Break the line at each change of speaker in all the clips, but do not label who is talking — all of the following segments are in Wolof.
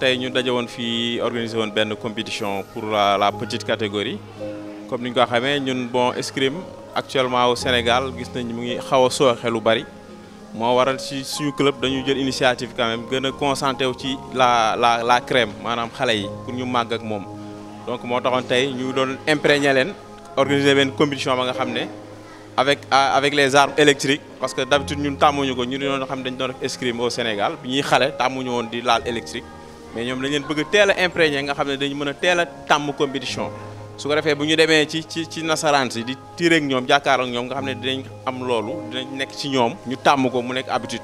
tey ñu daje woon fii organisé woon compétition pour la, la petite catégorie comme nous ñu ko xamee ñun bon escrime actuellement au Sénégal gis nañ mu ngi xaw a sooxe lu bari moo waral ci suñu club dañu jël initiative quand même gën a aussi ci la la la crème madame Khalei, yi pour ñu màgg ak moom donc moo taxoon tey ñu doon imprégné leen organiser benn compétition ba nga avec avec les armes électriques parce que d'habitude ñun tàmmuñu ko ñu doon xam dañu escrime au Sénégal bi ñuy xale tàmmuñu woon di laal électrique mais ñom dañ leen bëgg a imprégné nga xamné ne dañu mën a teel compétition su ko defee bu ñu demee ci ci ci nasaraan di tiire ak ñom jàkkaarloo ak ñom nga xamné ne dinañ am loolu dinañ nek ci ñom ñu tam ko mu nek habitude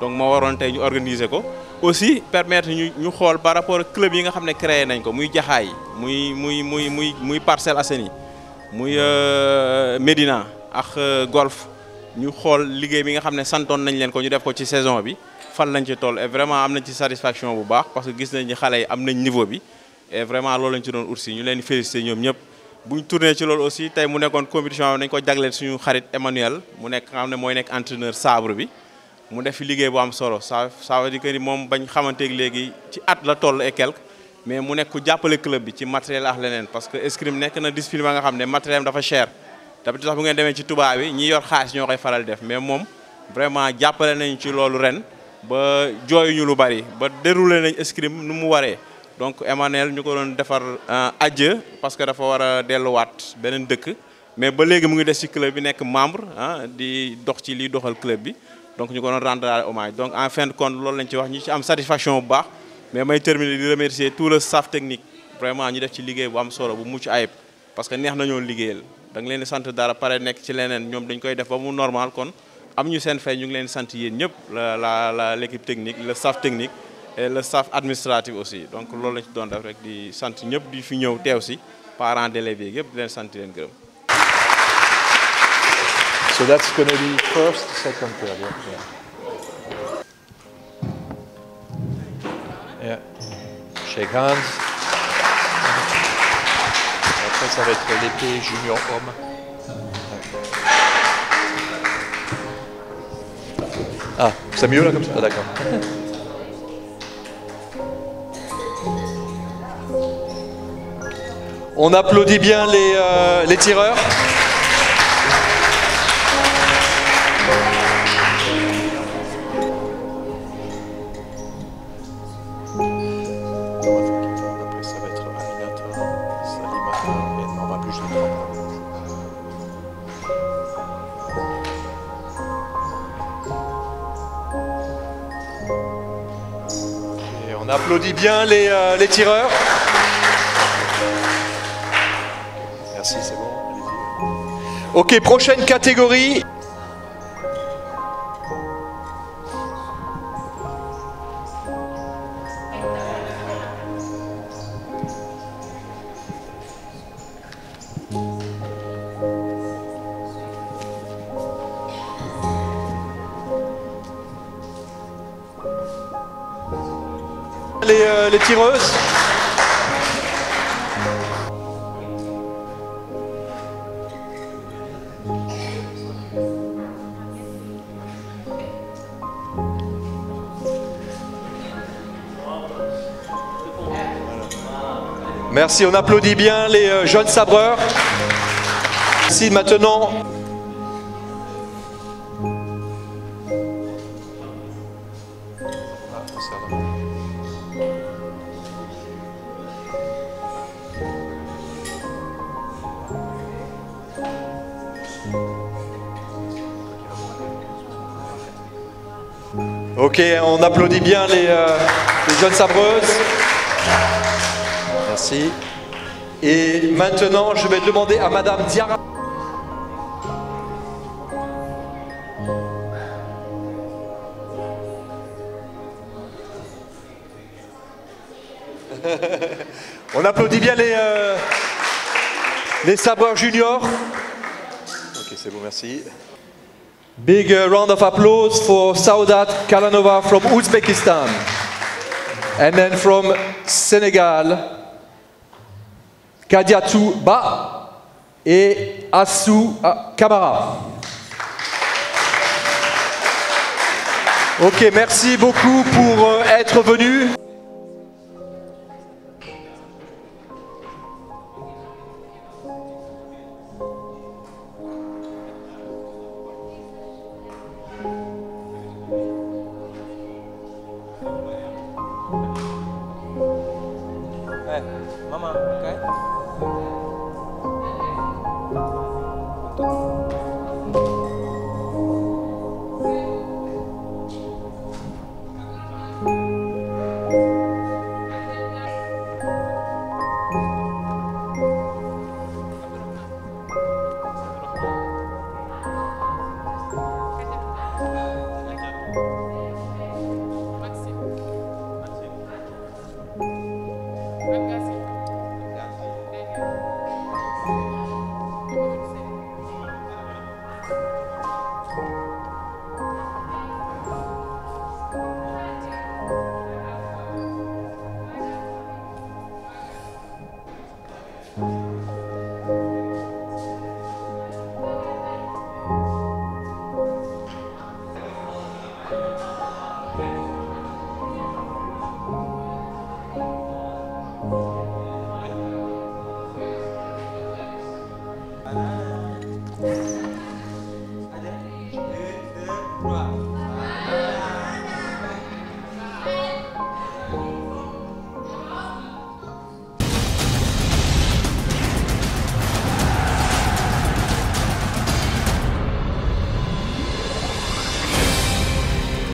donc mo waron tay ñu organiser ko aussi permettre ñu ñu xol par rapport ak club yi nga xamné ne créé nañ ko muy Jaxaay muy muy muy muy muy Parcelles Assainies muy euh, medina ak euh, Golf ñu xol liggéey bi nga xamné ne nañ leen ko ñu def ko ci saison bi fan lañ ci toll et vraiment am ci satisfaction bu baax parce que gis nañ ni xale yi am niveau bi et vraiment loolu lañ ci doon ursi ñu leen féliciter ñom ñep buñ tourner ci loolu aussi tay mu nekkon compétition bi nañ ko jagleel suñu xarit Emmanuel mu nekk nga xam ne nekk entraîneur sabre bi mu def liggéey bu am solo ça ça veut dire que ni moom bañ ak légui ci at la toll et quelque mais mu nekk ku jappalé club bi ci matériel ak lenen parce que escrime nekk na discipline nga xamné matériel dafa cher tamit sax bu ngeen démé ci touba bi ñi yor xaalis ñokay faral def mais mom vraiment jappalé nañ ci loolu ren ba joyu ñu lu bari ba déroulé nañ escrim nu mu waré donc emmanuel ñu ko doon défar adje euh, parce que dafa wara déllu wat benen dëkk mais ba légui mu ngi dess ci club bi nek membre hein di dox ci li doxal club bi donc ñu ko doon rendre au match donc en fin de compte loolu lañ ci wax ñi ci am satisfaction bu baax mais may terminer di remercier tout le staff technique vraiment ñu def ci liggéey bu am solo bu mucc ayib parce que neex nañu liggéeyal da leen di sante dara pare nek ci leneen ñom dañ koy def ba mu normal kon am Sen seen fay ñu ngi leen sant la la technique le staff technique et le staff administratif aussi donc loolu lañ ci doon def rek di sant ñëpp di fi ñëw teew si parents d'élèves yi di leen leen
So that's going to be first, second period. Yeah. yeah. Shake hands. Après, ça va être l'épée junior homme. Ah, c'est mieux là comme ça ah, D'accord. On applaudit bien les, euh, les tireurs. On applaudit bien euh, les, tireurs. Merci, c'est bon. Ok, prochaine catégorie. Euh, les, tireuses. Merci, on applaudit bien les euh, jeunes sabreurs. Si maintenant Ok, on applaudit bien euh, les, jeunes sabreuses. Merci. Et maintenant, je vais demander à Madame Diarra. on applaudit bien les, euh, les sabreurs juniors vous, merci. Big euh, round of applause for Saudat Kalanova from Uzbekistan. And then from Senegal, Kadiatou Ba et Assou Kamara. Ah, ok, merci beaucoup pour euh, être venu.
Mama, kan? thank you あ